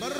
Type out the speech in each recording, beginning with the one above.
But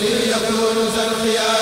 ليكون ذا الخيار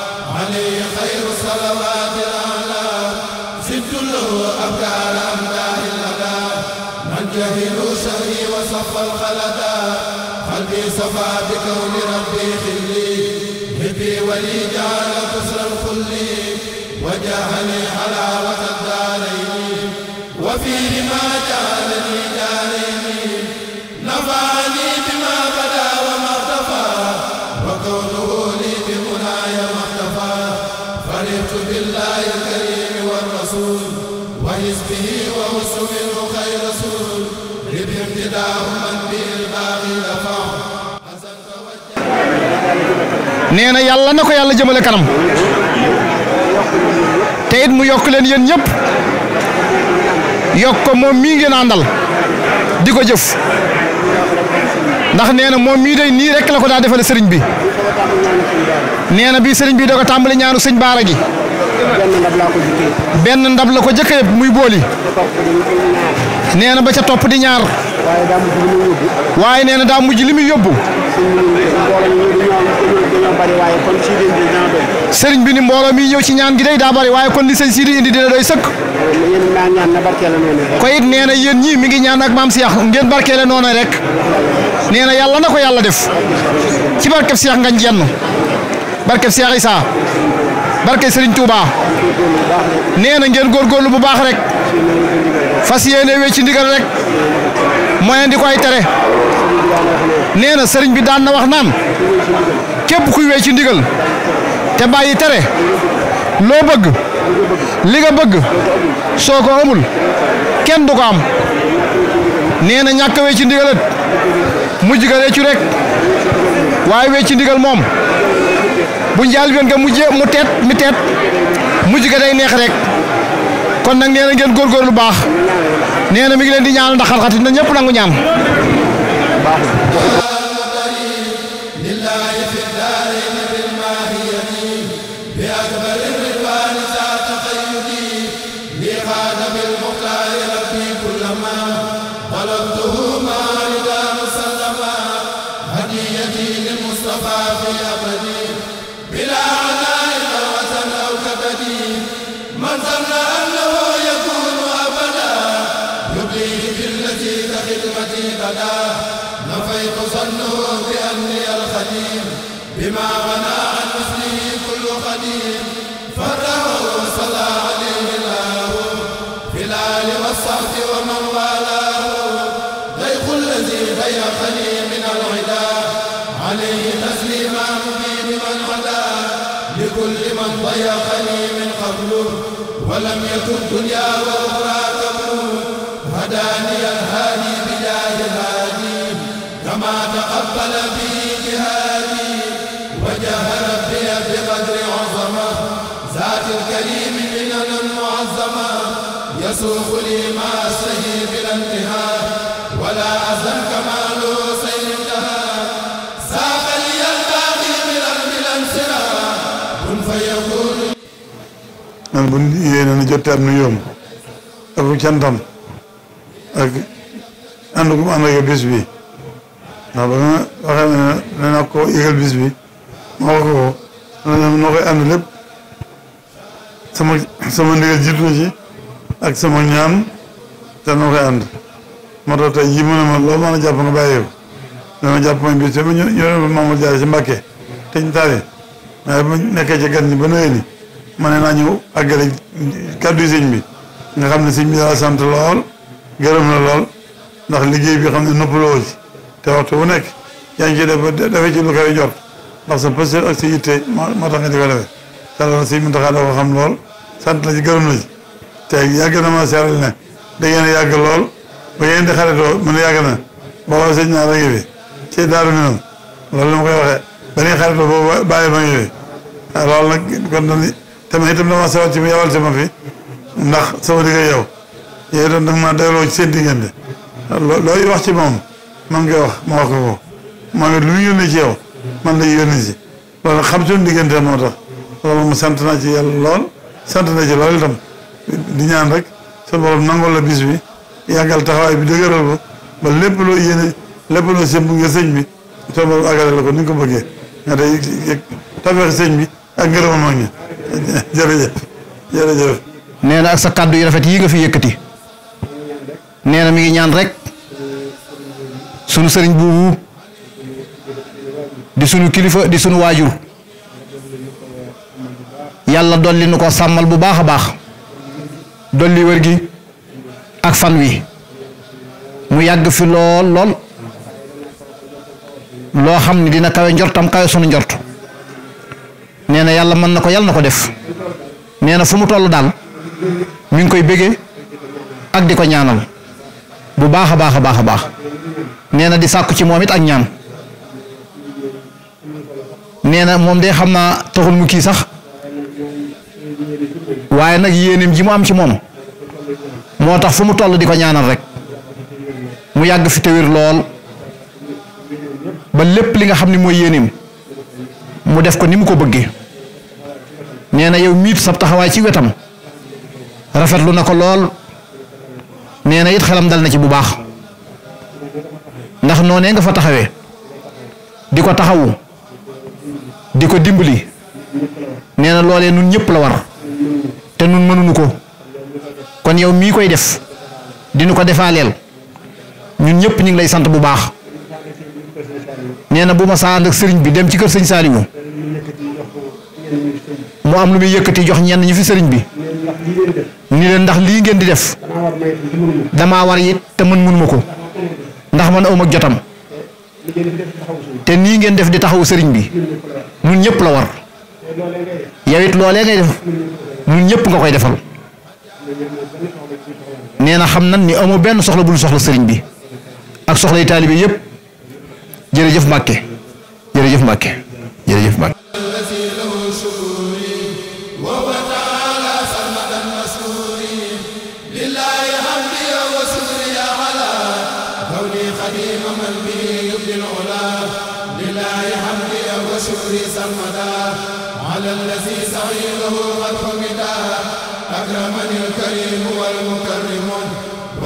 عليه خير الصلوات الأعلى زدت له أبكار أمداه الأدى من جهل شري وصف الخلدا قلبي صفى بكون ربي خلي هبي ولي جعل كسر الخل وجعلني على وسط الدارين وفيهما جعل nee na yàlla na ko yàlla jëmale kanam te it mu yokk leen yéen ñëpp yokk ko moom mii ngeen àndal di ko jëf ndax nee na moom mii day nii rekk la ko daa defale sëriñ bi nee na bii sëriñ bi da ko tàmbali ñaanu sëñ baara gi benn ndab la ko jëkkee muy booli nee na ba ca topp di ñaar. waaye nee na daa mujj li muy yóbbu. sëriñ bi ni mbooloo mi ñëw ci ñaan gi day daa bari waaye kon li sëñ Sidi indi dina doy sëkk. ko it nee na yéen ñii mi ngi ñaan ak maam seex ngeen barkeele noonu rek nee na yàlla na ko yàlla def ci barkeb Cheikh ngañ jenn barkeb Cheikh Issa barke Serigne Touba nee na ngeen góorgóorlu bu baax rek fas yéene wee ci ndigal rek. moyen di koy tere nee na sëriñ bi daan na wax naan képp kuy wee ci ndigal te bàyyi tere loo bëgg li nga bëgg soo ko amul kenn du ko am nee na ñàkk ci ndigalat mujj ga réccu rek waaye wee ci ndigal moom bu njaal ben nga mujje mu teet mi teet mujj ga day neex rek kon nag nee na ngeen góorgóorlu baax nee na mi ngi di ñaanal ndax xat-xat na ñëpp nangu ñaan. جيت خدمتي بدا نفيت صنه بأني الخديم بما غنى عن مثله كل قديم فره صلى عليه الله في الآل والصحب ومن والاه ضيق الذي ضيقني من العدا عليه تسليما مبين من عدا لكل من ضيقني من قبله ولم يكن دنيا وأخرى تقبل به جهادي وجهر في بقدر عظمه ذات الكريم منن معظمه يسوق لي ما سهي بلا انتهاء ولا أزل كما له سير انتهى ساق لي الباقي بلا بلا انسرا كن فيكون man bu yéene na jotte am nu yoom ak cantam ak ànd ko ànd ak bis bi ndax ba nga waxee ne dana ko yëgal bis bi ma wax ko ko lépp sama sama ndigal jiitu na ci ak sama ñaan te noo koy ànd moo tax tey jii mu loo a jàpp nga bàyyi ko jàpp mooy bi ñu ñu Mamadou Diarra ci Mbàkke te ñu taale nekkee ci gan ñi ba noyee ni ma naa ñëw àggale kàddu sëñ bi nga xam ne sëñ bi daal sant lool gërëm la lool ndax liggéey bi xam ne noppaloo ci te waxtu wu nekk yaa ngi ciy def dafay ci lu koy jot ndax sa pëstéef ak sa yitte moo tax nga di ko defee te loolu si Muntaxa da ko xam lool sant la ci gërëm la ci te yàgg na da ngeen yàgg lool ba ngeen di xaritoo mën a yàgg na booba sëñ da ngi fi koy waxee ba ngeen xaritoo boobu bàyyi ma ngi fi ah, loolu nag kon dañuy te ma itam dama mu yawal ci ma fi ndax sama digg yow yow itam da nga ma doyloo ci seen diggante looy wax ci moom man nga wax ma wax ko ko man nga lu mu yónnee ci yow man lay yónnee ci loolu xam toon diggante moo tax loolu mu sant naa ci yàlla lool sant na ci loolu itam di ñaan rek sa borom nangol la bis bi yàggal taxawaay bi dëgëral ko ba lépp loo yéene lépp loo sëmb nga sëñ bi sa borom àggale la ko ni nga ko bëggee nga day tafeex sëñ bi ak ngërëma mag ñi jërëjëf jërëjëf nee na ak sa kàddu yu rafet yi nga fi yëkkati nee na mi ngi ñaan rek sunu sëriñ boobu di sunu kilifa di sunu waajur yàlla dolli nu ko sàmmal bu baax a baax dolli wér gi ak fan wi mu yàgg fi lool lool loo xam ni dina kawe njortam kawe sunu njort nee na yàlla mën na ko yàlla na ko def nee na fu mu toll daal mi ngi koy bëgge ak di ko ñaanal bu baax a baax a baax a baax nee na di sàkku ci moom it ak ñaan nee na moom day xam naa taxul mu kii sax waaye nag yéeneem ji mu am ci moom moo tax fu mu toll di ko ñaanal rek mu yàgg fi tewir lool ba lépp li nga xam ni mooy yéeneem mu def ko ni mu ko bëggee nee na yow miit sab taxawaay ci wetam rafetlu na ko lool. nee na it xelam dal na ci bu baax ndax noonee nga fa taxawee di ko taxawu di ko dimbali nee na loolee nun ñëpp la war te nun mënuñu ko kon yow mii koy def dinu ko defaaleel ñun ñëpp ñu ngi lay sant bu baax nee na bu ma saa ànd ak sëriñ bi dem ci kër sëñ Saliou mu am lu muy yëkkati jox ñenn ñi fi sëriñ bi ni leen ndax lii ngeen di def damaa war it te mën mënuma ko ndax ne awma jotam te nii ngeen def di taxaw sëriñ bi ñun ñëpp la war yow it loolee ngay def ñun ñëpp nga koy defal nee na xam nan ni amoo benn soxla bul soxla sëriñ bi ak soxla yi taalibe yëpp jërëjëf Mbàkke jërëjëf Mbàkke jërëjëf Mbàkke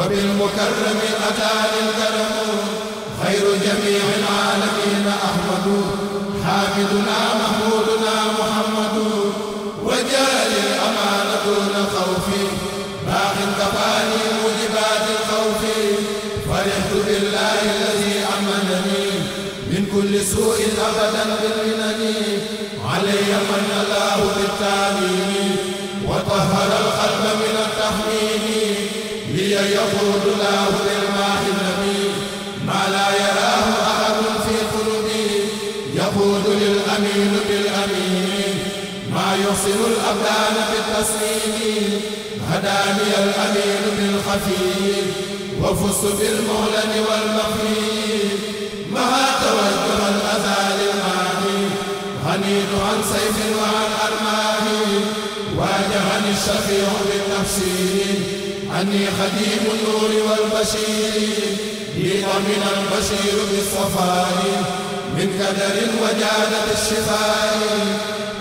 بالمكرم أتاني الكرم خير جميع العالمين أحمد حامدنا محمودنا محمد وجالي الأمان دون خوف باق كفاني موجبات الخوف فرحت بالله الذي أمنني من كل سوء أبدا بالمنن علي من الله بالتامين وطهر الخلق من التحميم لي يقول الله للماء النبي ما لا يراه أحد في قلبي يقول للأمين بالأمين ما يحسن الأبدان بالتسليم هداني الأمين بالخفي وفزت بالمعلن والمخفي مع توجه الأذان حنيت عن سيف وعن أرماه واجهني الشفيع من نفسي عني خديم النور والبشير ضيق من البشير بالصفاء من كدر وجادة الشفاء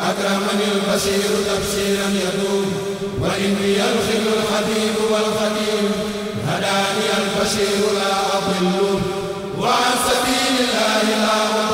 أكرمني البشير تبشيرا يدوم وإني الخل الحبيب والخديم هداني البشير لا أضل وعن سبيل الله لا أضل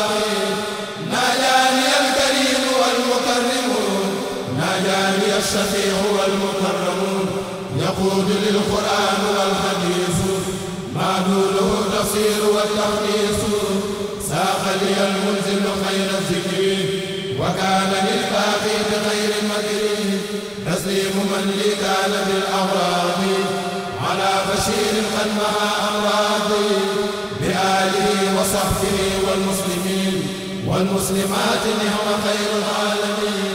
الرسل القرآن والحديث معدوله التفسير والتحديث ساق لي الملزم خير الذكر وكان للباقي بغير مكر تسليم من لي كان بالأغراض على بشير قد مها أمراض بآله وصحبه والمسلمين والمسلمات نعم خير العالمين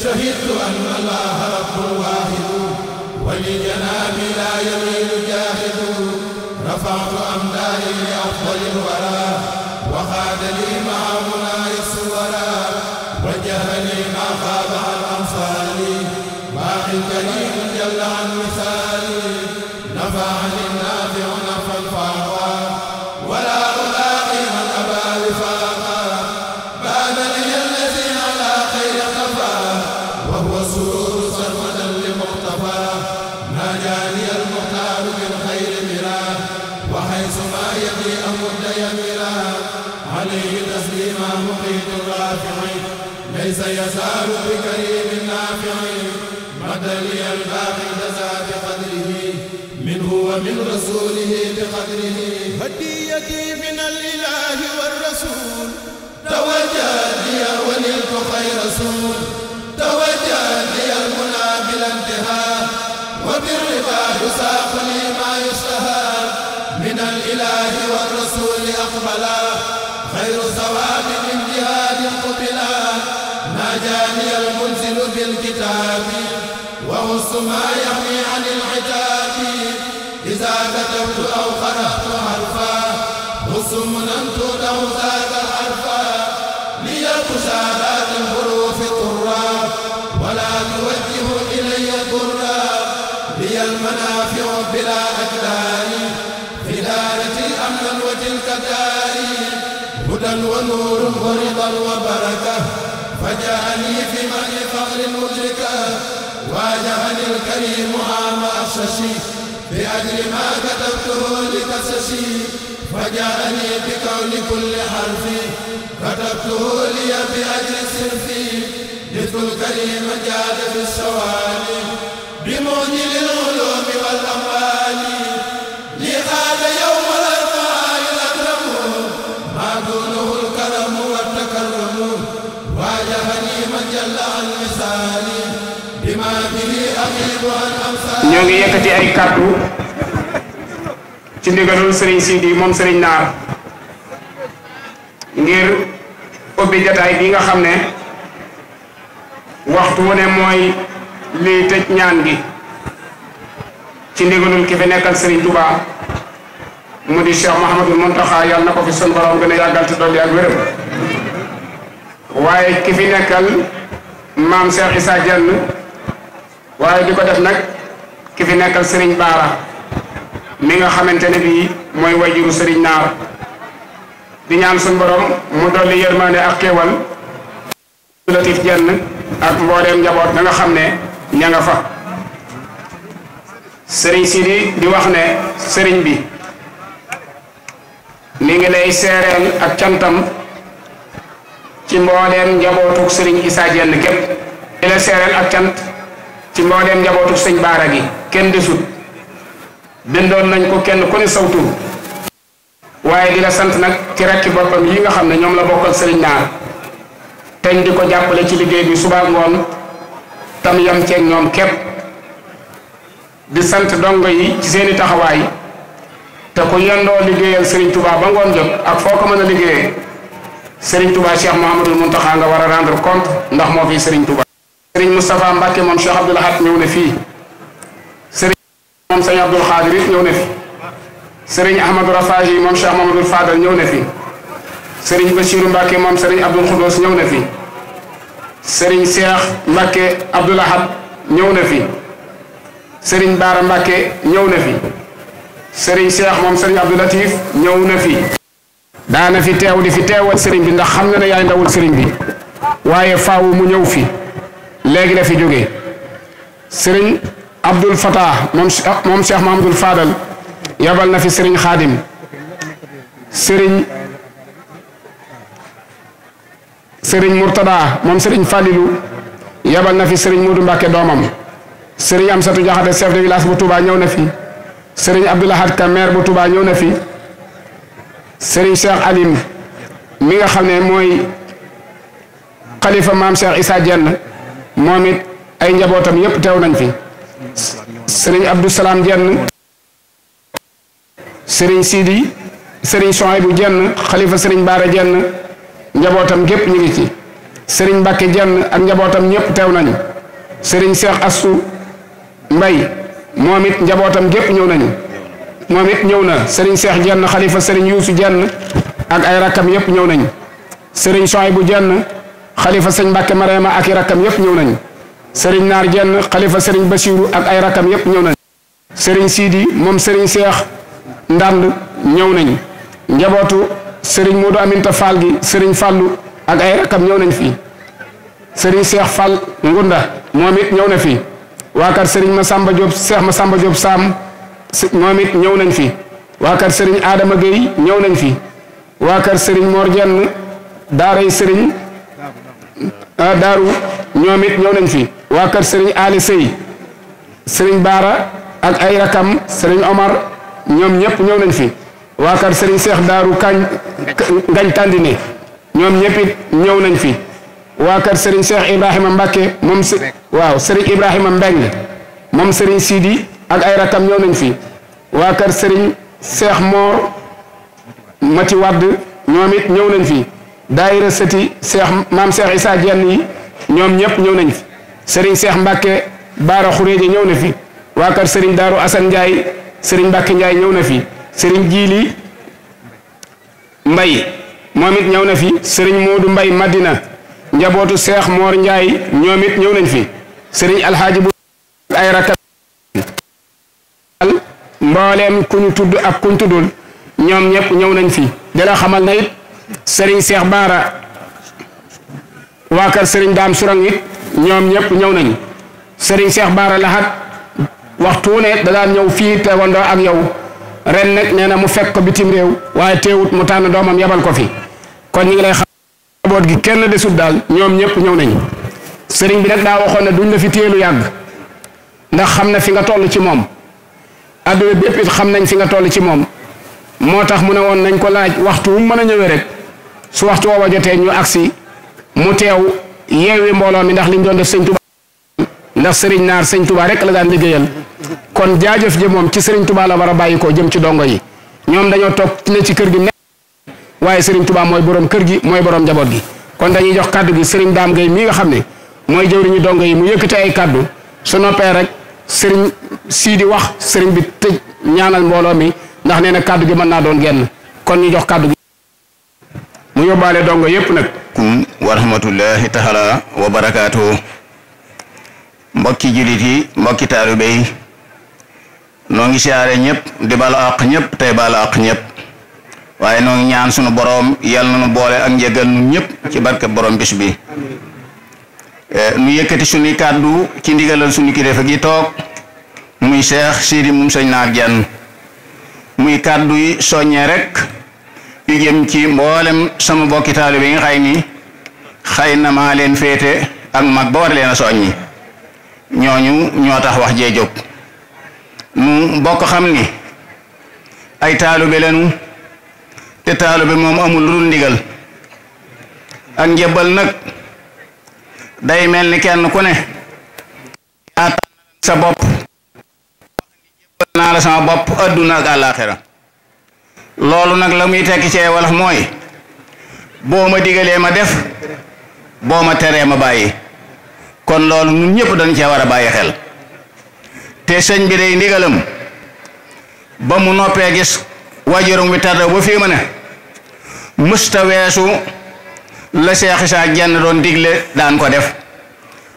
شهدت أن الله ولجناب لا يميل جاهد رفعت أمدادي لأفضل الورى وخاد لي مع مناي الصورى وجهني ما خاب عن أمثالي باقي كريم جل عن مثالي نفعني ومن رسوله بقدره هديتي من الإله والرسول توجه لي ونلت خير سور توجه لي المنى بلا انتهاء وبالرضا يساق لي ما يشتهى من الإله والرسول أقبلا خير ثواب من جهاد قبلا ناجاني المنزل بالكتاب وهو ما يحمي عن العتاب إذا كتبت أو خلقت حرفا غصم أنت له ذاك الحرفا ليقش ذات الحروف الطرا ولا توجه إلي ضرا لي المنافع بلا أجدار في دارتي أمنا وتلك داري هدى ونور ورضا وبركة فجعلني في ماء فقر مدركا واجعني الكريم عام أخششي بأجل ما كتبته لقصصي فجاءني بقول كل حرف كتبته لي بأجل صرفي ذكر الكريم جاد في السوالف بمعجل ñoo ngi yëkkati ay kàddu ci ndigalul sëriñ Sidi moom sëriñ Naar ngir ubbi jataay bi nga xam ne waxtu wu ne mooy liy tëj ñaan gi ci ndigalul ki fi nekkal sëriñ Touba mu di Cheikh Mouhamadul Mountakha yàlla na ko fi sun borom gën a yàggal te dolli ak wéram waaye ki fi nekkal maam Cheikh Issa Dieng waaye di ko def nag ki fi nekkal sëriñ Baara mi nga xamante ne bii mooy wajuru Serigne Naar di ñaan suñu borom mu dolli yërmande ak xéewal latif jenn ak mbooleem njaboot da nga xam ne ña nga fa Serigne Sidi di ne Serigne bi mi ngi lay seereel cantam ci mbooleem njabootuk Serigne Issa Jenn képp di la seereel ak cant ci mbooleem njabootuk sëñ Baara gi kenn defut bindoon nañ ko kenn ku ne sawtul waaye di la sant nag ci rakki boppam yi nga xam ne ñoom la bokkal sëriñ naar teñ di ko jàppale ci liggéey bi subaa ngoon tam yam ceeg ñoom képp di sant dongo yi ci seeni taxawaay te ku yendoo liggéeyal sëriñ Touba ba ngoon jot ak foo ko mën a liggéeyee sëriñ Touba Cheikh Mouhamadul Mountakha nga war a rendre compte ndax moo fi sëriñ Touba. sëriñ Moustapha Mbacke moom Cheikh Abdoul Ahad ñëw ne fii. moom sëñ Abdul Xaadir it ñëw na fi sëriñ Ahmadou Rafahi moom Cheikh Mamadou Fadal ñëw ne fi sëriñ Bassirou Mbacke moom sëriñ Abdul Khoudous ñëw na fi sëriñ Cheikh Mbacke Abdoul Ahad ñëw ne fi sëriñ Baara Mbacke ñëw ne fi sëriñ Cheikh moom sëriñ Abdou Latif ñëw na fi. daana fi teew di fi teewal sëriñ bi ndax xam na ne yaay ndawul sëriñ bi waaye faawu mu ñëw fi léegi la fi jógee Abdul Fatah moom moom Cheikh Mahamadul Fadal yabal na fi Serigne Khadim Serigne Serigne Murtada moom Serigne Falilou yabal na fi Serigne Modou Mbacke doomam Serigne Amsatou Diakhaté chef de village bu Touba ñëw na fi Serigne Abdoul Ahad Ka bu Touba ñëw na fi Serigne Cheikh Alim mi nga xam ne mooy xalifa maam Cheikh Issa Diène moom it ay njabootam yépp teew nañ fi. sëriñ Abdou Salaam jenn sëriñ Sidi sëriñ bu jenn xalifa sëriñ Baara jenn njabootam gépp ñu ngi ci sëriñ mbakke jenn ak njabootam ñëpp teew nañu sëriñ Seex Astu Mbay moom it njabootam gépp ñëw nañu moom it ñëw na sëriñ Seex jenn xalifa sëriñ Yuusu jenn ak ay rakkam yëpp ñëw nañu sëriñ bu jenn xalifa sëñ Mbàkke Marema ak i rakkam yëpp ñëw nañu sëriñ naar jenn xalifa sëriñ basiiru ak ay rakam yépp ñëw nañ sëriñ siidi moom sëriñ seex ndànd ñëw nañ njabootu sëriñ moodu aminta fall gi sëriñ fàllu ak ay nañ fii sëriñ seex fall ngunda moom ñëw na fii waa kër sëriñ Masamba Diop seex Masamba Diop saam moom it ñëw nañ fi waakar kër sëriñ Adama ñëw nañ fi waa kër sëriñ Mor Jenn daaray sëriñ ah, daaru ñoom ñëw nañ fi waa kër sëriñ Ali Sey sëriñ Baara ak ay rakam sëriñ Omar ñoom ñëpp ñëw nañ fi waa kër sëriñ Seex Daaru Kañ Ngañ Tandine ñoom ñëpp it ñëw nañ fi waa kër sëriñ Seex Ibrahima Mbacke moom waaw sëriñ Ibrahima Mbeng moom sëriñ Sidi ak ay rakam ñëw nañ fi waa kër sëriñ Seex Moor Mati Wadd ñoomit it ñëw nañ fi daayira sëti Seex maam Seex Isaa Jenn yi ñoom ñëpp ñëw nañ fi sëriñ Seex Mbàkke Baara Xureeja ñëw na fi waa kër sëriñ Daaru Asan Njaay sëriñ Mbàkke Njaay ñëw na fi sëriñ Jiili Mbay moom ñëw na fi sëriñ Moodu Mbay Madina njabootu Seex Moor Njaay ñoomit ñëw nañ fi sëriñ Alxaaji bu ay rakkat mbooleem ku tudd ak kuñ tuddul ñoom ñëpp ñëw nañ fi da la xamal na it sëriñ Seex Baara waa kër sëriñ Daam Surang it ñoom ñëpp ñëw nañu sëriñ Cheikh Baara Lahat waxtu wu ne da daan ñëw fii teewandoo ak yow ren nag nee na mu fekk ko bitim réew waaye teewut mu tànn doomam yabal ko fi kon ñi ngi lay xam boot gi kenn desut daal ñoom ñëpp ñëw nañu sëriñ bi daa waxoon ne duñ la fi téelu yàgg ndax xam na fi nga toll ci moom adduna bépp it xam nañ fi nga toll ci moom moo tax mu ne woon nañ ko laaj waxtu wu mën a ñëwee rek su waxtu woowa jotee ñu agsi mu teew yeewi mbooloo mi ndax liñ doon def sëñ Touba ndax sëriñ naar sëñ Touba rek la daan liggéeyal kon jaajëf jëmoom ci sëriñ Touba la war a bàyyi ko jëm ci dongo yi ñoom dañoo toog ne ci kër gi ne waaye sëriñ Touba mooy borom kër gi mooy borom njaboot gi kon dañuy jox kàddu gi sëriñ Daam Gay mi nga xam ne mooy jëwriñu dongo yi mu yëkkati ay kàddu su noppee rek sëriñ sii di wax sëriñ bi tëj ñaanal mbooloo mi ndax nee na kàddu gi mën naa doon genn kon ñu jox kàddu gi mu yóbbaale dongo yépp nag wa rahmatullahi taala wa barakaatuhu mbokki jullit yi mbokki taalibe yi noo ngi siyaare ñëpp di baalu àq ñëpp tey baalu àq ñëpp waaye noo ngi ñaan sunu boroom yal na nu boole ak njëgal nu ñëpp ci barke boroom bis bi eh, nu yëkkati suñuy kàddu ci ndigalal suñu kilifa gi toog muy Cheikh Sidi moom sëñ Naar Diène muy kàddu yi soññee rek yu jëm ci mboolem sama bokki taalibe yi nga xay ni xay na maa leen féete ak mag ba war leen a soññi ñooñu ñoo tax wax jee jóg nu bokk xam ni ay taalube lanu te taalube moom amul lu dul ndigal ak njëbbal nag day mel ni kenn ku ne yaa sa bopp wax naa la sama bopp adduna ak àllaaxira loolu nag la muy tekki ci wolof mooy boo ma digalee ma def boo ma teree ma bàyyi kon loolu ñun ñëpp dañ cee war a bàyyi xel te sëñ bi day ndigalam ba mu noppee gis waajuram wi tàddaw ba fii ma ne mësta weesu la Cheikh Issa Diène doon digle daan ko def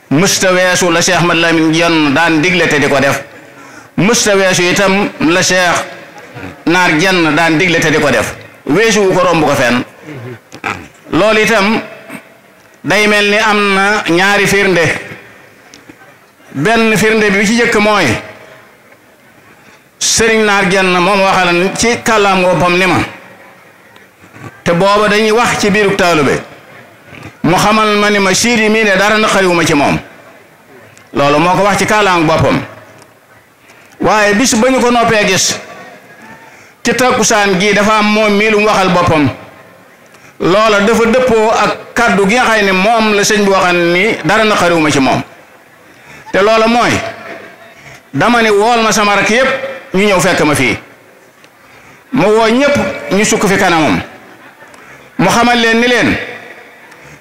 mësta weesu la Cheikh Mad Lamine Diène daan digle te di ko def mësta weesu itam la Cheikh Naar Diène daan digle te di ko def weesuwu ko romb ko fenn loolu itam day mel ni am na ñaari firnde benn firnde bi ci jëkk mooy sëriñ naar jenn moom waxal ci kàllaam boppam ni ma te booba dañuy wax ci biirug taalube mu xamal ma ni ma siir yi mii dara naqariwuma ci moom loolu moo ko wax ci kàllaam boppam waaye bis ba ñu ko noppee gis ci takkusaan gii dafa am moom mii waxal boppam loola dafa dëppoo ak kàddu gi nga xam ne moom la sëñ bi waxan ni dara na xariwuma ci moom te loola mooy dama ne wool ma sama rakk yépp ñu ñëw fekk ma fii mu woo ñépp ñu sukk fi kanamam mu xamal leen ni leen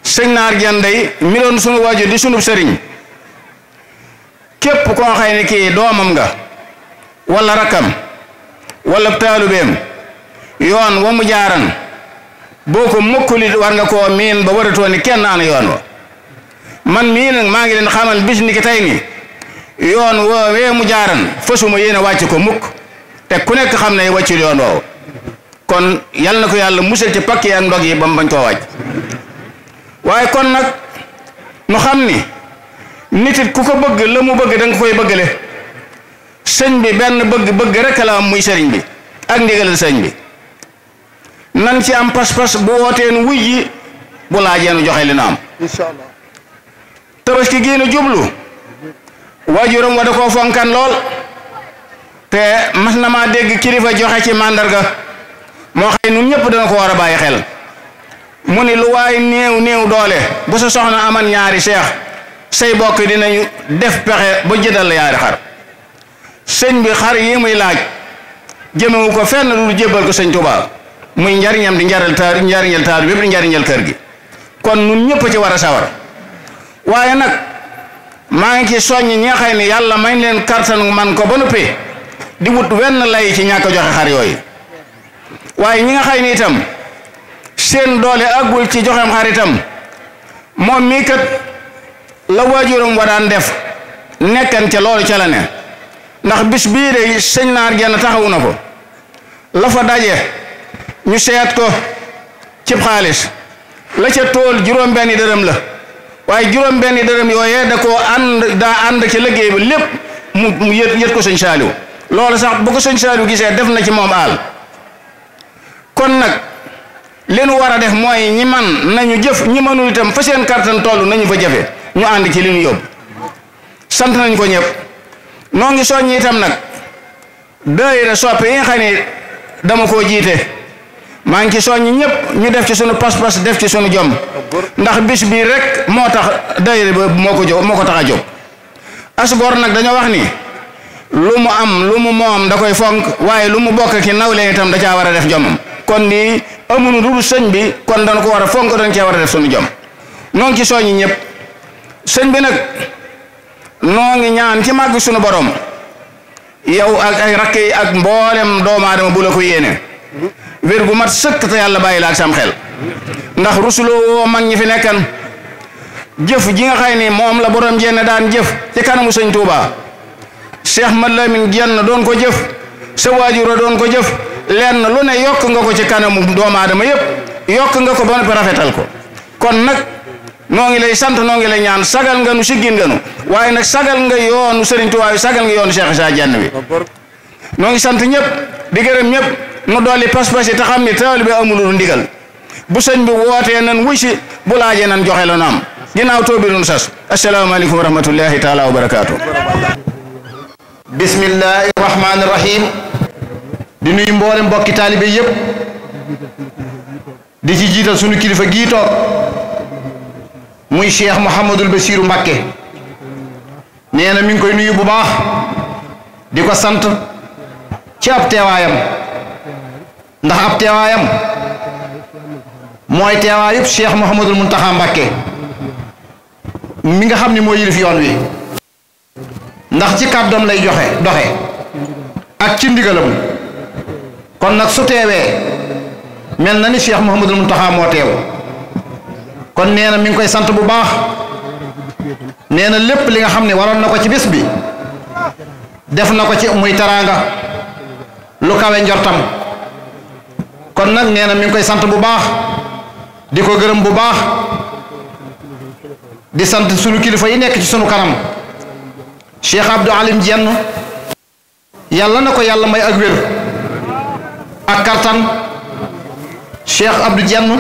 sëñ naar janday mi doon sunu waajur di sunub sëriñ képp koo xay ne kii doomam nga wala rakkam wala taalubeem yoon wa mu jaaran boo ko mukkulit war nga koo miin ba waratoo ni kenn ana yoon wa man mii nag maa ngi leen xamal bis ni ki tey ni yoon woowee mu jaaran fasuma yéen a wàcc ko mukk te ku nekk xam ne wàccul yoon woowu kon yal ko yàlla musal ci ndog yi ba mu bañ waaye kon nag nu xam ni nit ku ko bëgg la mu bëgg da koy bëggale sëñ bi benn bëgg bëgg rek la am muy sëriñ bi ak ndigalal sëñ bi nan ci am pas-pas bu nu wuy yi bu laajeenu joxe li na am tabaski gii nu jublu waajuram wa da ko fonkan lool te mas na maa dégg kilifa joxe ci màndarga moo xëy nun ñëpp dana ko war a bàyyi xel mu ni lu waay néew néew doole bu sa soxna aman ñaari seex say bokk dinañu def pexe ba jëndal la yaari xar sëñ bi xar yi muy laaj jëmewu ko fenn lu jébbal ko sëñ Tuubaa muy njariñam di njariñal taar njariñal taar bépp di njariñal kër gi kon nun ñëpp ci war a sawar waaye nag maa ngi ci soññ ñi nga xam ne yàlla may leen kartanu man ko ba noppi di wut wenn lay ci ñàkk joxe xar yooyu waaye ñi nga xam ne itam seen doole àggul ci joxem xar moom mii kat la waajuram wa daan def nekkan ca loolu ca la ndax bis bii de sëñ naar jenn taxawu na ko la fa daje ñu seet ko cib xaalis la ca tool juróom-benni dërëm la waaye juróom-benni dërëm yooyee da koo ànd daa ànd ci liggéey bi lépp mu mu yët yët ko sëñ Saaliw loolu sax bu ko sëñ Saaliw gisee def na ci moom aal kon nag li nu war a def mooy ñi man nañu jëf ñi mënul itam fa seen kàttan toll nañu fa jafe ñu ànd ci li ñu yóbbu sant nañ ko ñëpp noo ngi soññ itam nag daayira soppi yi nga xam ne dama koo jiite maa ngi ci soññ ñëpp ñu def ci sunu pas-pas def ci sunu jom ndax bis bii rek moo tax dayre ba moo ko jóg moo ko tax a jóg asgoor nag dañoo wax ni lu mu am lu mu moom da koy fonk waaye lu mu bokk ki nawle itam da caa war a def jomam kon nii amuñu lu dul sëñ bi kon dañ ko war a fonk dañ cee war a def sunu jom noo ngi ci soññ ñëpp sëñ bi nag noo ngi ñaan ci màgg suñu borom yow ak ay rakk yi ak mboolem doomu aadama bu la ko yéene wér gu mat sëkk te yàlla bàyyi la ak sam ndax rusuloo woo mag ñi fi nekkan jëf ji nga xay ni moom la borom jenn daan jëf ci kanamu sëñ Touba Cheikh Malamin jenn doon ko jëf sa waajura doon ko jëf lenn lu ne yokk nga ko ci kanamu doomu aadama yépp yokk nga ko ba noppi rafetal ko kon nag noo ngi lay sant noo ngi lay ñaan sagal nga nu siggin nga nu waaye nag sagal nga yoonu sëriñ Touba sagal nga yoonu Cheikh Sa Jenn bi noo ngi sant ñëpp nu dolli pas-pas yi te xam ni taalibe amulul ndigal bu sëñ bi wootee nan wuy bu laajee nan joxe la nu am ginnaaw toobi lu nu sas asalaamaaleykum wa rahmatullahi taala wa barakaatu. bismillahi rahmaani di nuyu mboole mbokki taalibe yépp di ci jiital sunu kilifa gii muy cheikh Mouhamadul Basiiru Mbàkke nee na mi ngi koy nuyu bu baax di ko sant ci teewaayam. ndax ab teewaayam mooy teewaayub Cheikh Mouhamadul Mountakha Mbacké mi nga xam ni moo yilif yoon wi ndax ci kàddoom lay joxe doxe ak ci ndigalam kon nag su teewee mel na ni Cheikh Mouhamadul Mountakha moo teew kon nee na mi ngi koy sant bu baax nee na lépp li nga xam ne waroon na ko ci bis bi def na ko ci muy teraanga lu kawe njortam kon nag nee na mi ngi koy sant bu baax di ko gërëm bu baax di sant sunu kilifa yi nekk ci sunu kanam Cheikh Abdou Alim Diène yàlla na ko yàlla may ak wér ak kartan Cheikh Abdou Diène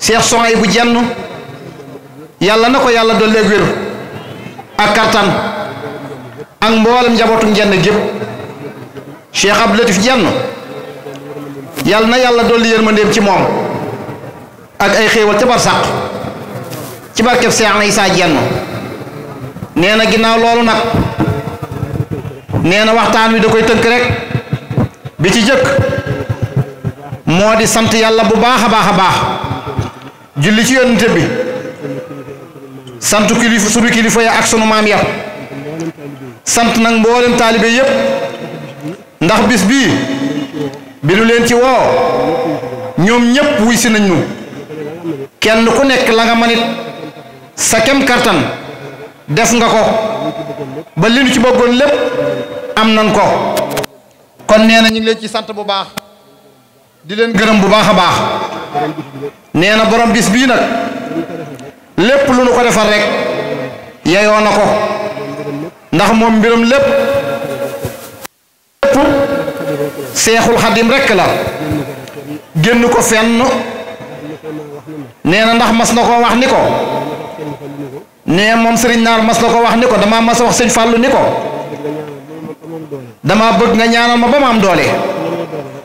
Cheikh Sohay bu Diène yàlla na ko yàlla dolli ak wér ak kartan ak mboolem njabootu Diène gépp Cheikh Abdou Latif Diène yàlla na yàlla dolli yërmandeem ci moom ak ay xéewal ca barsàq ci barkeb Seexna Isaa Jenn nee na ginnaaw loolu nag nee na waxtaan wi da koy tënk rek bi ci jëkk moo di sant yàlla bu baax a baax a baax julli ci yonent bi sant kilifa sunu kilifa ya ak sunu maam ya sant nag mboolem taalibe yépp ndax bis bii bi nu leen ci woo ñoom ñépp wuy si nañ kenn ku nekk la nga manit sa kem kartan def nga ko ba li nu ci bëggoon lépp am nan ko kon nee nañu ñu leen ci sant bu baax di leen gërëm bu baax a baax nee na borom bis bii nag lépp lu nu ko defal rekk yeyoo na ko ndax moom mbiram lépp seexul xadim rekk la génn ko fenn nee na ndax mas na ko wax ni ko nee moom sëriñ naar mas na ko wax ni ko dama mas wax sëñ fàllu ni ko dama bëgg nga ñaanal ma ba mu am doole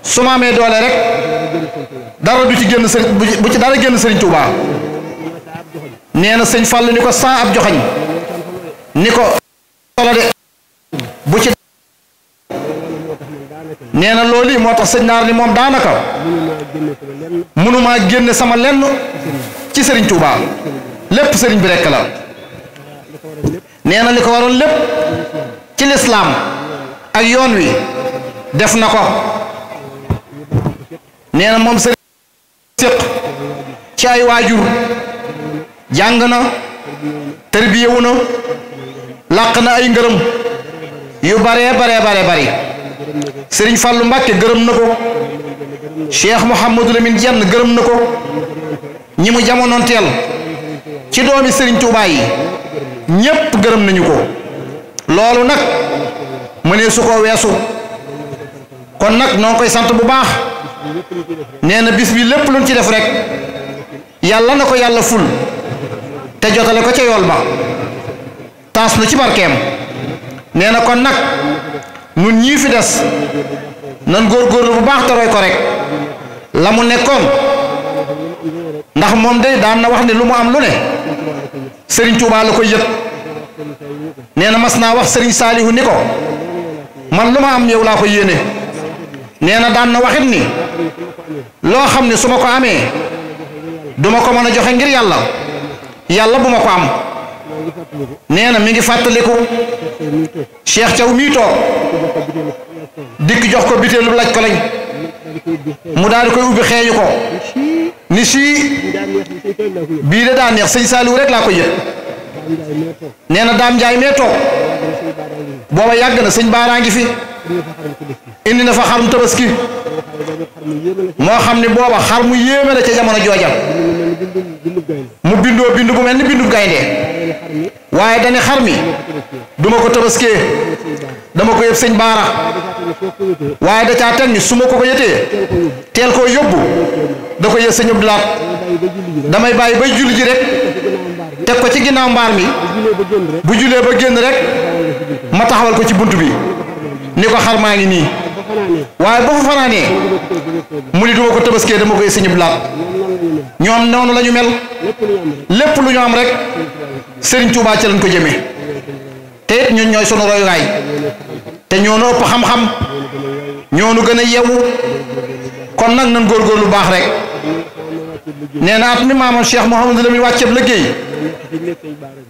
su ma amee doole rek dara du ci génn sëriñ bu ci dara génn sëriñ Tuuba nee na sëñ fàllu ni ko saa ab joxañ ni ko solo de bu ci nee na loolu moo tax sëñ naar ni moom daanaka mënumaa génne sama lenn ci sëriñ Touba lépp sëriñ bi rekk la nee na li ko waroon lépp ci lislaam ak yoon wi def na ko nee na moom sëriñ séq ci ay waajur jàng na tërbiyewu na làq na ay ngërëm yu baree baree bare bari Serigne Fallou Mbacke gërëm na ko Cheikh Mouhamadou Lamine jenn gërëm na ko ñi mu jamonoon teel ci doomi Serigne Touba yi ñépp gërëm nañu ko loolu nag mënee ko weesu kon nag noo koy sant bu baax nee na bis bi lépp luñ ci def rek yàlla na ko yàlla ful te jotale ko ca yool ba taas lu ci barkeem nee na kon nag nun ñii fi des nan góor góorgóorlu bu baax toroy ko rek la mu nekkoon ndax moom de daan na wax ne lu mu am lu ne Serigne Touba la koy yëpp nee na mas naa wax sëriñ Saalihu ni ko man lu ma am yow laa ko yéene nee na daan na waxit ni loo xam ne su ma ko amee duma ko mën a joxe ngir yàlla yàlla bu ma ko am nee na mi ngi fàttaliku Cheikh Thiaw mii toog dikk jox ko bitéelu laj ko lañ mu daal di koy ubbi xeeñu ko ni sii bii de daa neex sëñ Saliou rek laa koy yëg nee na Daam Njaay mee toog booba yàgg na sëñ Baaraa ngi fi indi na fa xarum tabaski moo xam ne booba xar mu yéeme la ca jamono joojam mu bindoo bind bu mel ni bindu gaynde waaye dañu xar mi du ko tabaskee dama ko yëpp sëñ baara waaye da caa teg ni su ma ko ko yëtee teel koo yóbbu da ko yëpp sëñ Abdou Lahat damay bàyyi bay julli ji rek teg ko ci ginnaaw mbaar mi bu julee ba génn rek ma taxawal ko ci bunt bi ni ko xar maa ngi nii waaye ba fa fanaanee mu ni duma ko tabaskee dama koy sëñ Abdou Lahat ñoom noonu la mel lépp lu ñu am rek Serigne Touba ci lañ ko jëmee te it ñun ñooy sunu royuwaay te ñoo nu ëpp xam-xam ñoo nu gën a yewu kon nag nan góorgóor lu baax rek nee na at mi maamam Cheikh Mouhamadou Lamine wàcceeb liggéey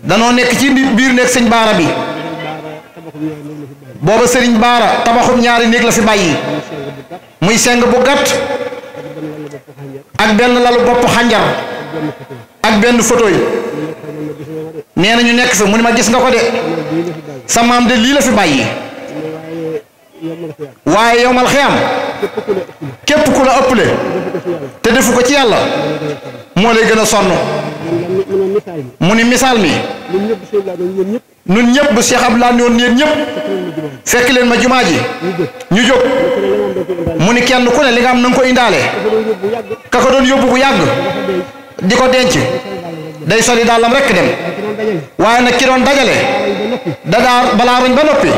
danoo nekk ci biir nekk sëñ Baara bi booba Serigne Baara tabaxum ñaari néeg la fi bàyyi muy seng bu gàtt ak benn lalu bopp xànjar ak benn photo yi. nee na ñu nekk fa mu ne ma gis nga ko de sa maam de lii la fi bàyyi waaye yowmal xiyaam képp ku la ëpple te defu ko ci yàlla moo lay gën a sonn mu ni misaal mi nun ñëpp bu Cheikh Abdoulaye woon yéen ñëpp fekk leen ma jumaa ji ñu jóg mu ni kenn ku ne li nga am na ko indaale ka ko doon yóbbu bu yàgg di ko denc day soli dàllam rekk dem waaye nag ci doon dajale dadaar balaa ruñ ba noppi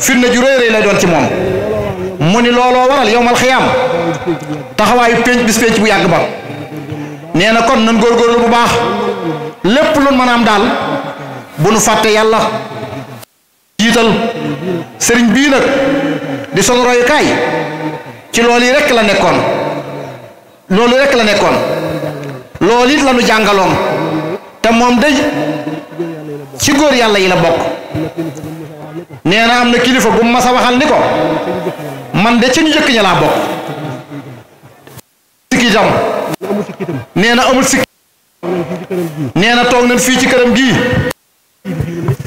fitna ju rëy rëy lay doon ci moom mu ni looloo waral yowmal xiyaam taxawaayu pénc bis pénc bu yàgg ba nee na kon nan góorgóorlu bu baax lépp lu mën a am daal bu nu fàtte yàlla jiital sëriñ bii nag di son royukaay ci lool yi rekk la nekkoon loolu rekk la nekkoon loolu it la nu te moom day ci góor yàlla yi la bokk nee na am na kilifa bu mas a waxal ni ko man de ci ñu jëkk ña laa bokk sikki nee na amul sikki nee na toog nañ fii ci këram gi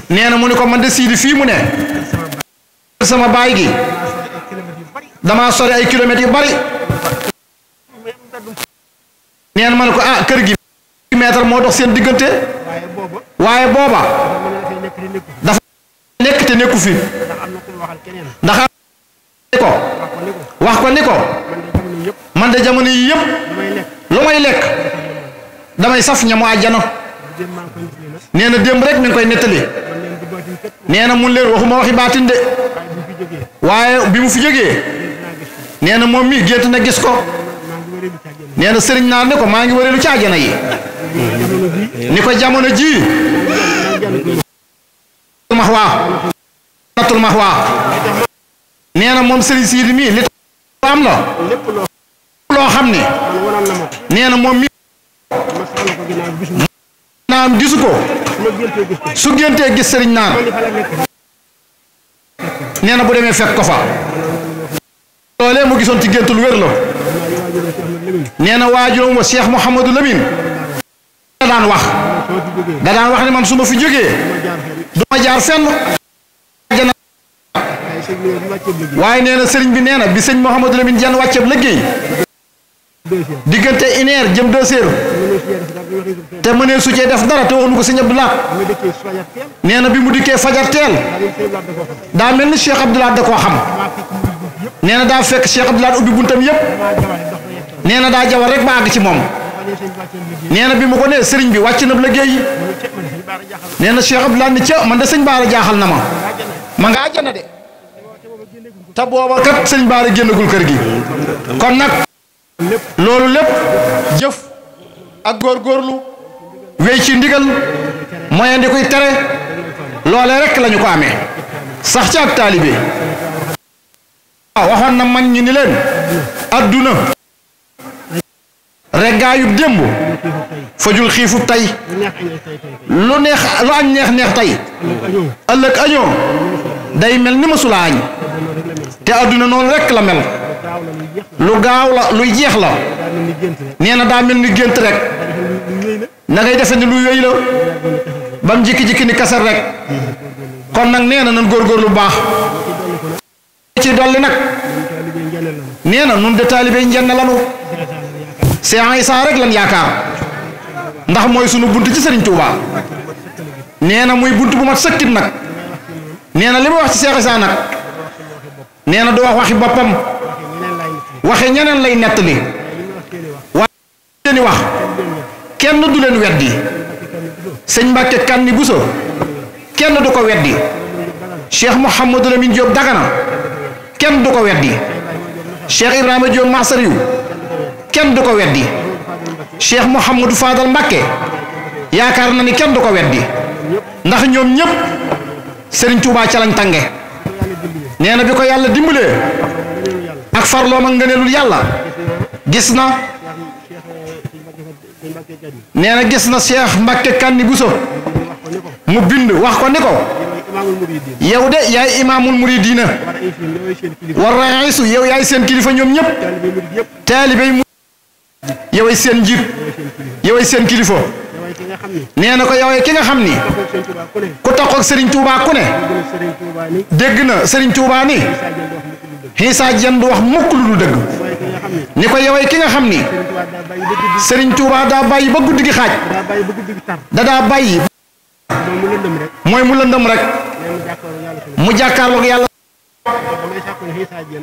nee na mu ni ko man de siidi fii mu ne sama baay gi damaa sori ay kilomètres yu bari nee na ma ne ko ah kër gi mètre moo dox seen diggante waaye booba dafa nekk te nekku fi ndax ko wax ko ni ko man de jamono yii yëpp lu may lekk damay saf ñamu àjjana nee na démb rek mi ngi koy nettali nee na mun leen waxuma waxi baatin de waaye bi mu fi jógee nee na moom mii gént na gis ko nee na sëriñ naa ne ko maa ngi wëreelu ci àjjana yi ni ko jamono ji maxwaa na moom Serigne Sidi mii li am la loo xam ne nee na moom naa naam gisu ko su géntee gis Serigne naar nee na bu demee fekk ko fa loolee mu gisoon ci gént lu wér la nee na waajuram wa Cheikh Mouhamadou Lamine da daan wax da daan wax ne man suma ma fi jógee du ma jaar fenn waaye nee na sëriñ bi nee na bi sëñ Mouhamadou Lamine Diène wàcceeb liggéey diggante une heure jëm deux heures te mënee su cee def dara te nu ko sëñ Abdou Lahad nee na bi mu dikkee fajar teel daa mel ni Cheikh Abdou Lahad da koo xam nee na daa fekk Cheikh Abdou Lahad ubbi buntam yépp nee na daa jawar rek ba àgg ci moom nee na bi mu ko nee sëriñ bi wàcc na liggéey nee na Cheikh Abdoulaye ni ca man de sëñ jaaxal na ma ma nga àjjana de te booba kat sëñ Baara génnagul kër gi kon nag loolu lépp jëf ak góorgóorlu wéy ci ndigal mooy indi koy tere loole rek lañu ko amee sax ci ak taalibe ah, waxoon na mag ni leen adduna reggaayub démb fajul xiifub tey lu neex lu añ neex neex tey ëllëg añoo day mel ni masula añ te adduna noonu rekk la mel lu gaaw la luy jeex la nee daa mel ni gént rek na ngay defe ni lu yooyu la bam jikki-jikki ni kasar rek kon nag nee na nan góorgóorlu bu baax ci dolli nag nee nun de taalibe njenn lanu Cheikh Issa rek lan yaakaar ndax mooy sunu bunt ci Serigne Touba nee na muy bunt bu mat sëkkit nag nee na li ma wax ci Cheikh Issa nag nee na du wax waxi boppam waxe ñeneen lay nettali waaye leen wax kenn du leen weddi sëñ Mbàkke Kanni Buso kenn du ko weddi Cheikh Mouhamadou Lamine Diop Dagana kenn du ko weddi Cheikh Ibrahima Diop Masariw kenn du ko weddi Cheikh Mouhamadou Fadal Mbacké yaakaar na ni kenn du ko weddi ndax ñoom ñëpp Serigne Touba ca lañ nee na bi ko yàlla dimbalee ak farloom ma ngëneelul yàlla gis na nee na gis na Cheikh Mbacké Kanni Bousso mu bind wax ko ni ko yow de yaay imaamul muridina war raisu yow yaay seen kilifa ñoom ñëpp taalibey yoway seen njiit yoway seen kilifa nee na ko yoway ki nga xam ni ku tax ak Serigne Touba ku ne dégg na sëriñ Touba ni Xiisa Jeen du wax mukk lu dul dëgg ni ko yoway ki nga xam ni Serigne tuubaa daa bàyyi ba guddi gi xaaj da bàyyi mooy mu lëndëm rek mu jàkkaarloog yàlla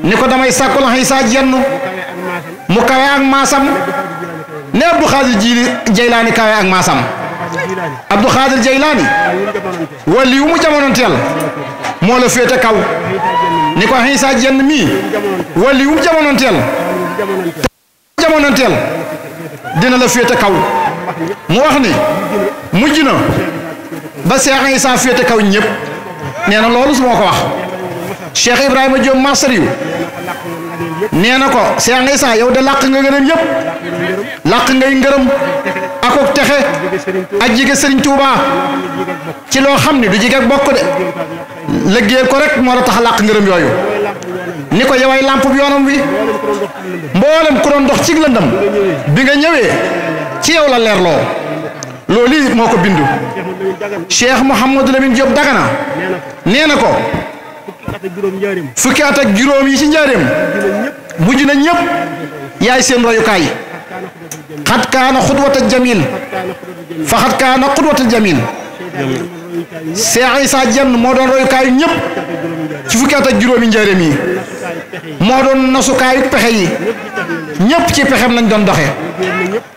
ni ko damay sàkkul Isaa jenn mu kawe ak maasam ne Abdou Khadir Jili Jaylaani kawe ak maasam Abdou Khadir Jaylaani wali yu moo la féete kaw ni ko Isaa jenn mii wali yu dina la féete kaw mu wax ni mujj na ba Seex Isaa féete kaw ñëpp nee na loolu su ko wax Cheikh Ibrahima Diop Massariou nee na ko Cheikh Issa yow de làq nga ngërëm yëpp làq ngay ngërëm akook texe ak jige Serigne Touba ci loo xam ne bi jige bokk de liggéey ko rek moo la tax làq ngërëm yooyu ni ko yoway lamp bi yoonam wi mboolem ku doon dox ci lëndam bi nga ñëwee ci yow la leerloo loolu moo ko bindu Cheikh Mouhamadou Lamine Diop Dagana nee na ko fukki at ak juróom yi ci njaareem mujj na ñëpp yaay seen royukaay xat kaana xudwata jamil fa xat kaana xudwata jamil Seex Isaa Jenn moo doon royukaayu ñëpp ci fukki at ak juróomi njaareem yi moo doon nasukaayu pexe yi ñëpp ci pexem lañ doon doxe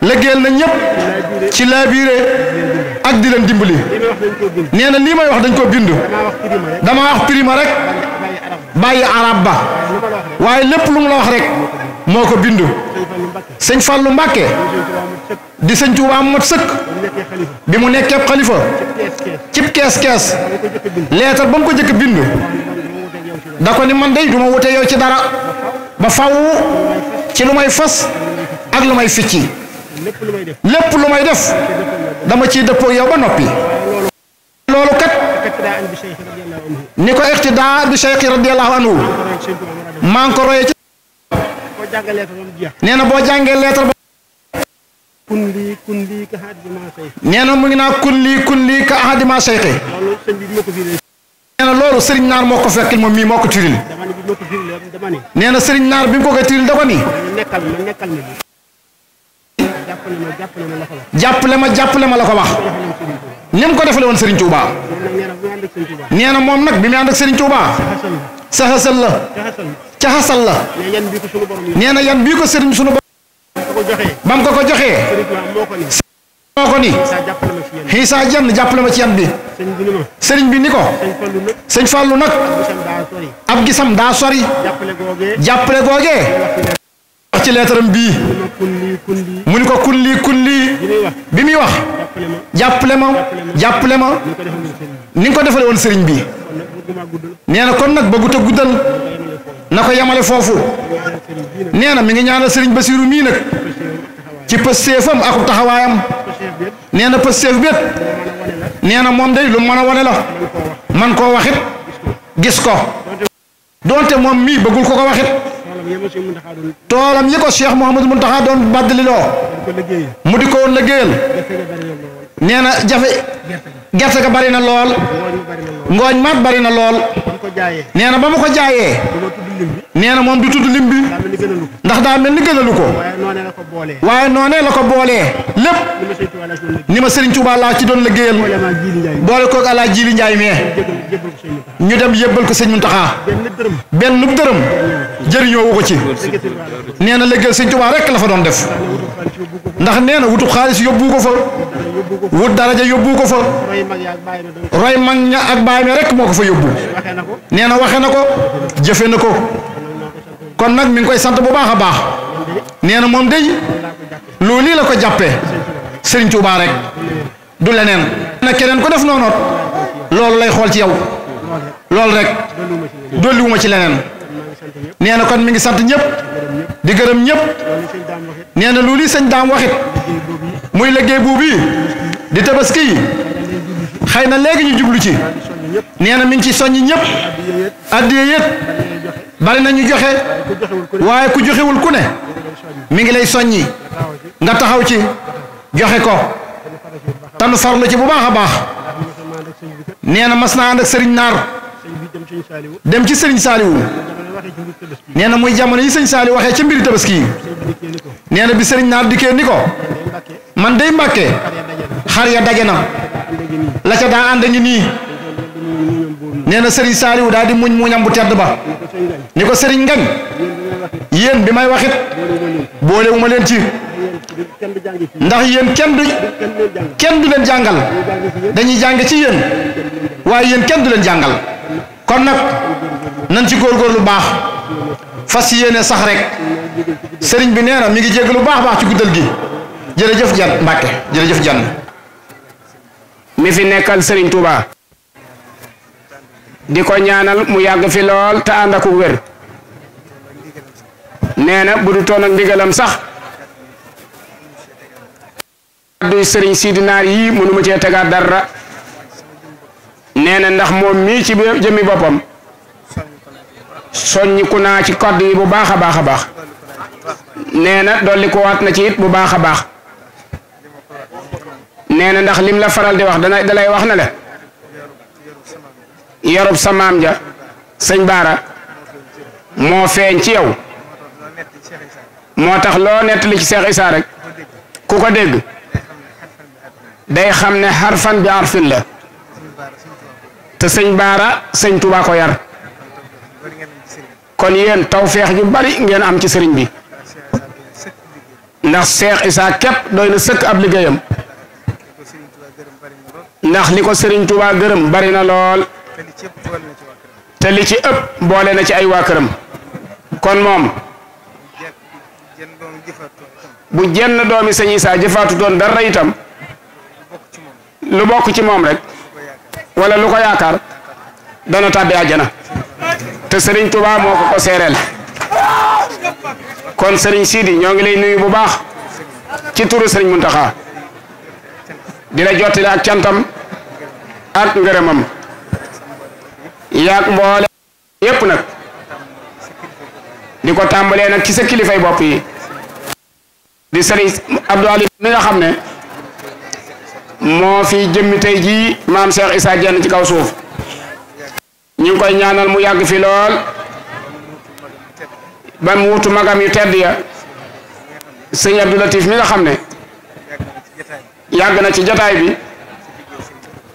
liggéeyal na ñëpp ci laabiire ak di leen dimbali nee na lii may wax dañ koo bind dama wax prima rek bàyyi arab ba waaye lépp lu mu la wax rek moo ko bind sëñ Fàllu Mbàkke di sëñ Tuubaa mot sëkk bi mu nekkee xalifa cib kees kees leetar ba mu ko jëkk bind da ko ni man dey duma wute yow ci dara ba faw ci lu may fas ak lu may ficci lépp lu may def dama ciy dëppoo yow ba noppi. loolu kat. ni ko iqtidaa bi Cheikh radiyallahu anhu. maa ngi ko royee ci. nee na boo jàngee lettre ba. kun lii kun ka ahadi ma seyxi. nee na mu ngi naa kun lii kun lii ka ahadi ma seyxi. nee na loolu Serigne Naar moo ko fekkil moom mii moo ko tiril. nee na Serigne Naar bi mu ko ko tiril da ko nii. jàppale ma jàppale ma la ko wax ni mu ko defale woon Serigne Touba nee na moom nag bi mu ànd ak Serigne Touba saxasal la caxasal la nee na yan bii ko Serigne sunu borom ba mu ko ko joxee moo ko ni xiisa jenn jàppale ma ci yan bi sëriñ bi ni ko sëñ Fallou nag ab gisam daa sori jàppale googee wax ci leetaram bii mu ni ko kun lii kun lii bi muy wax jàppale ma jàppale ma ni nga ko defale woon sëriñ bi nee na kon nag bëggut a guddal na ko yemale foofu nee na mi ngi ñaanal sëriñ Basiru mii nag ci pësteefam ak taxawaayam nee na pësteef bét nee moom day lu mën a wane la man koo waxit gis ko doonte moom mii bëggul ko ko waxit toolam yi ko Cheikh Mouhamadou Mountakha doon bàddali loo mu di ko woon liggéeyal nee na jafe gerte ga bari na lool ngooñ maat bari na lool nee na ba mu ko jaayee nee na moom di tudd lim bi ndax daa mel ni gënalu ko waaye noonee la ko boolee lépp ni ma Serigne Touba laa ci doon liggéeyal boole koog alaa Jili Njaay mee ñu dem yëbbal ko sëñ Muntaxa benn dërëm jëriñoo wu ko ci nee na liggéeyal Sëñ Touba rek la fa doon def ndax nee na wutu xaalis yóbbu ko fa wut daraja yóbbu ko fa roy mag ña ak baay mi rek moo ko fa yóbbu nee na waxe na ko jëfe na ko kon nag mi ngi koy sant bu baax a baax nee na moom day loolu la ko jàppee Sëriñ rek du leneen na keneen ko def noonoot loolu lay xool ci yow loolu rek dolliwuma ci leneen nee na kon mi ngi sant ñëpp di gërëm ñépp nee na lu li sëñ daam waxit muy liggéey buubi di tabaski yi xëy na léegi ñu jublu ci nee na mi ngi ci soññi ñëpp addiye yét bari na joxe waaye ku joxewul ku ne mi ngi lay soññi nga taxaw ci joxe ko tanu sarlu ci bu baax a baax nee na mas naa ànd ak sëriñ naar dem ci sëriñ Saaliwu nee na muy jamono yi sëñ Saaliw waxee ca mbiri tabaski yi nee na bi sëriñ naar dikkee ni ko man day mbàkke xar ya dage na la ca daa ànd ngi nii nee na sëriñ Saaliw daal di muñ muñam bu tedd ba ni ko sëriñ ngañ yéen bi may waxit boolewu ma leen ci ndax yéen kenn du kenn du leen jàngal dañuy jàng ci yéen waaye yéen kenn du leen jàngal kon nag nañ ci góorgóor lu baax fas yéene sax rek sëriñ bi nee mi ngi jégg lu baax baax ci guddal gi jërëjëf jan Mbàkke jërëjëf jan mi fi nekkal sëriñ Touba. di ko ñaanal mu yàgg fi lool te ànd ak wér nee na bu di toon ak ndigalam sax adduy sëriñ Sidi Naar yii mënuma cee tegaat dara nee na ndax moom mii ci jëmmi boppam soññiku naa ci kàddu yi bu baax a baax a baax nee na dolli na ci it bu baax a baax nee na ndax lim la faral di wax dana dalay wax na la yarub sa maam ja sëñ Baara moo feeñ ci yow moo tax loo nettali ci Seex Isaa rek ku ko dégg day xam ne xarfan bi arfin la te sëñ Baara sëñ Touba ko yar kon yéen tawfeex ju bari ngeen am ci sëriñ bi ndax Cheikh Issa képp doy na sëkk ab liggéeyam ndax li ko sëriñ tubaa gërëm bari na lool te li ci ëpp boole na ci ay waa këram kon moom bu jenn doomi sëñ Issa jëfaatu doon dara itam lu bokk ci moom rek. wala lu ko yaakaar dana tàbbi àjjana te Serigne Touba moo ko ko seereel kon sëriñ Sidi ñoo ngi lay nuyu bu baax ci turu Serigne Mountakha di la jottali ak cantam ak ngërëmam yaak mboole yépp nag di ko tàmbalee nag ci sa kilifay bopp yi di Serigne Abdou Ali mi nga xam ne. moo fi jëmm tey jii maam Cheikh Issa Diène ci kaw suuf ñu ngi koy ñaanal mu yàgg fi lool ba mu wutu magam yu tedd ya sëñ Abdou mi nga xam ne yàgg na ci jataay bi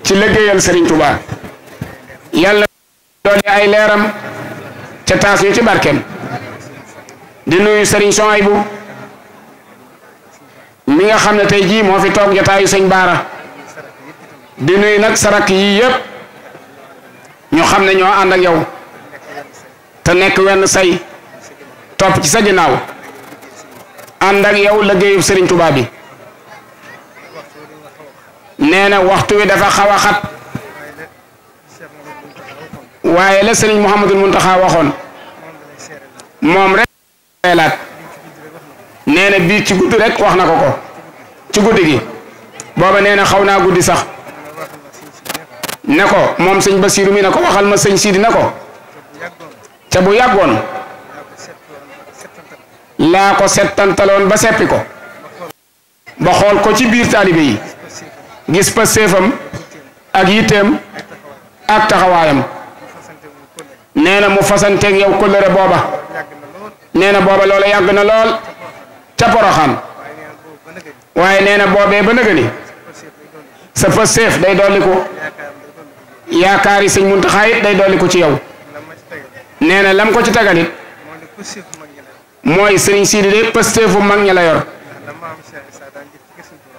ci liggéeyal Serigne Touba yàlla doole ay leeram ca taas ñu ci barkeem di nuyu Serigne Souhaïbou mi nga xam ne tey jii moo fi toog jataayu sëñ Baara. di nuyu nag sarak yii yëpp ñu xam ne ñoo àndak yaw te nekk wenn say topp ci sa ginnaaw àndak ak yow liggéeyub Serigne Touba bi nee na waxtu wi dafa xaw a xat waaye la Serigne mun taxa waxoon moom rekk laat nee na bii ci guddi rek wax na ko ko ci guddi gi booba nee na xaw naa guddi sax. ne ko moom ba Basiiru mi ne ko waxal ma sëñ Sidi ne ko ca bu yàggoon laa ko settantaloon ba seppi ko ba xool ko ci biir taalibe yi gis pa séefam ak yitteem ak taxawaayam nee na mu fasanteeg yow kóllëre booba nee na booba loola yàgg na lool ca Poroxaan waaye nee boobee ba nëgëni sa fa séef day dolliku yaakaar yi sëñ Muntaxa it day dolli ko ci yow nee na lam ko ci tagalit mooy sëriñ Sidi de pësteefu mag ña la yor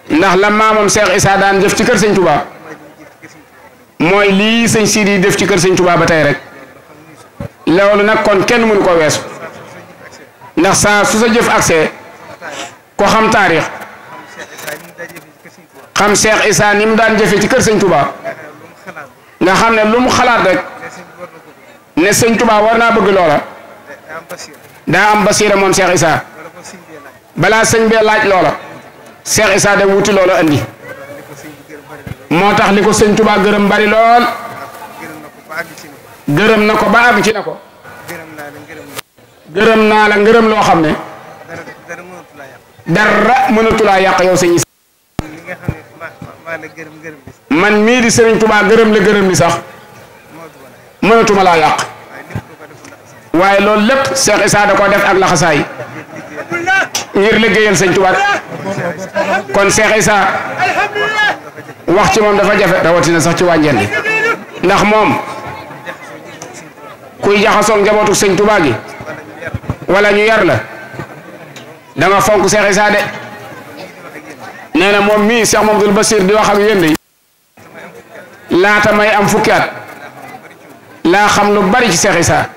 ndax la maamam Cheikh Issa daan jëf ci kër sëñ Touba mooy lii sëñ Sidi def ci kër sëñ Touba ba tey rek loolu nag kon kenn mënu ko weesu ndax saa su sa jëf accès ko xam taarix xam Cheikh Issa ni mu daan jëfe ci kër sëñ Touba. nga xam ne lu mu xalaat rek ne sëñ Tuubaa war naa bëgg loola daa am basiira moom Cheikh Issa balaa sëñ bee laaj loola Cheikh Issa dem wuti loola andi moo tax li ko sëñ Tuubaa gërëm bari lool gërëm na ko ba àgg ci na ko gërëm naa la ngërëm loo xam ne dara mënatulaa yàq yow sëñ Issa man mii di Serigne Touba gërëm la gërëm li sax mënatuma laa yàq waaye loolu lépp Cheikh Issa da koo def ak laxasaay ngir liggéeyal Serigne Touba kon Cheikh Issa wax ci moom dafa jafe rawatina sax ci waa Njende ndax moom kuy jaxasoo njabootu Serigne Touba gi wala ñu yar la da fonk Cheikh de. nee na moom mii Cheikh Mamadou Bassir di wax ak yéen de laata may am fukki at laa xam lu bari ci Cheikh Issa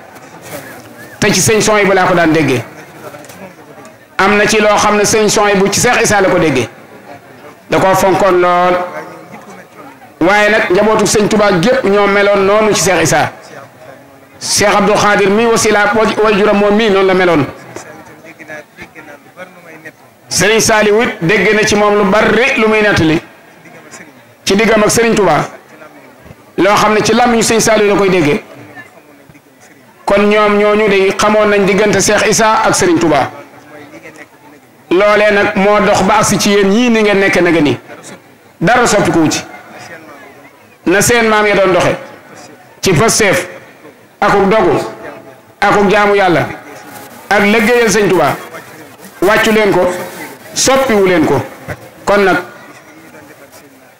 te ci sëñ son yi bu laa ko daan déggee am na ci loo xam ne sëñ son yi bu ci Cheikh Issa la ko déggee da koo fonkoon lool waaye nag njabootu sëñ Touba gépp ñoo meloon noonu ci Cheikh Issa Cheikh Abdou Khadir mii wasiila way juram moom mii noonu la meloon. sëriñ Saaliw it dégg na ci moom lu bari lu muy nettali ci diggam ak sëriñ Tuubaa loo xam ne ci làmmiñu sëñ Saaliw la koy dégge kon ñoom ñooñu day xamoon nañ diggante Seex Isaa ak sëriñ Tuubaa loolee nag moo dox ba agsi ci yéen ñii ni ngeen nekke naga nii dara soppikuwu ci na seen maam ya doon doxe ci pastéef akuk dogu akuk jaamu yàlla ak liggéeyal sëñ Tuubaa wàccu leen ko soppiwu leen ko kon nag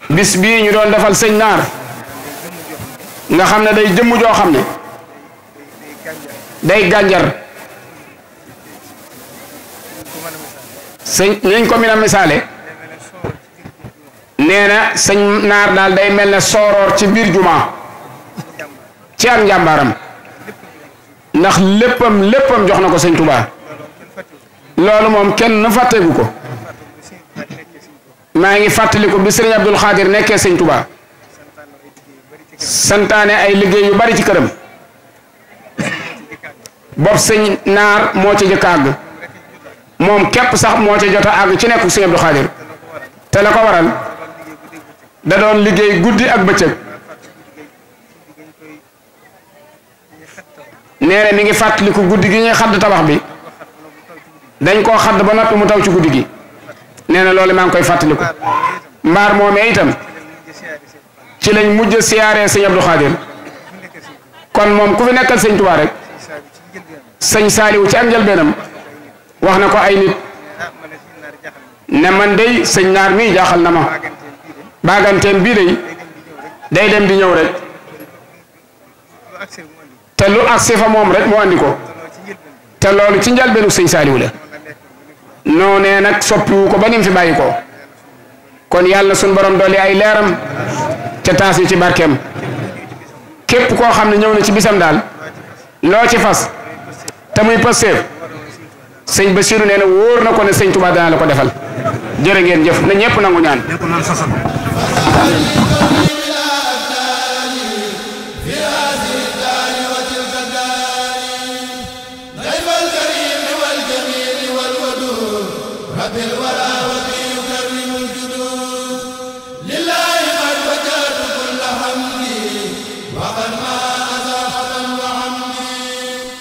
bis bii ñu doon defal sëñ naar nga xam ne day jëmm joo xam ne day gànjar sëñ nañ ko mën a misaale nee sëñ naar daal day mel ne sooroor ci biir jumaa ci am njàmbaaram ndax léppam léppam jox na ko sëñ Tuubaa loolu moom kenn fàtteegu ko maa ngi fàttaliku bi sëriñ Abdul Xaadir nekkee sëñ Touba santaane ay liggéey yu bari ci këram bopp sëñ naar moo ci jëkk àgg moom képp sax moo ca jot a ci nekkul sëñ Abdul Xaadir te la ko waral da doon liggéey guddi ak bëccëg nee mi ngi fàttaliku guddi gi ñuy xadd tabax bi dañ koo xadd ba noppi mu taw ci guddi gi nee na loolu maa ngi koy fàttaliku. mbaar moomee itam ci lañ mujj a siyaaree sëñ Abdou Khadir kon moom ku fi nekkal sëñ Tuubaa rek sëñ Saaliwu ci ak njalbeenam wax na ko ay nit ne man dey sëñ naar mii jaaxal na ma baaganteem bii dey day dem di ñëw rek te lu agsi fa moom rek mu andi ko te loolu ci njëlbeenu sëñ Saaliwu la. noonee nag soppiwu ko ba nim fi bàyyi ko kon yàlla suñ borom dolli ay leeram ca taas ñu ci barkeem képp koo xam ne ñëw na ci bisam daal loo ci fas te muy pasteef sëñ Basiru nee na wóor na ko ne sëñ Tuubaa dana la ko defal jërë ngeen jëf na ñëpp nangu ñaan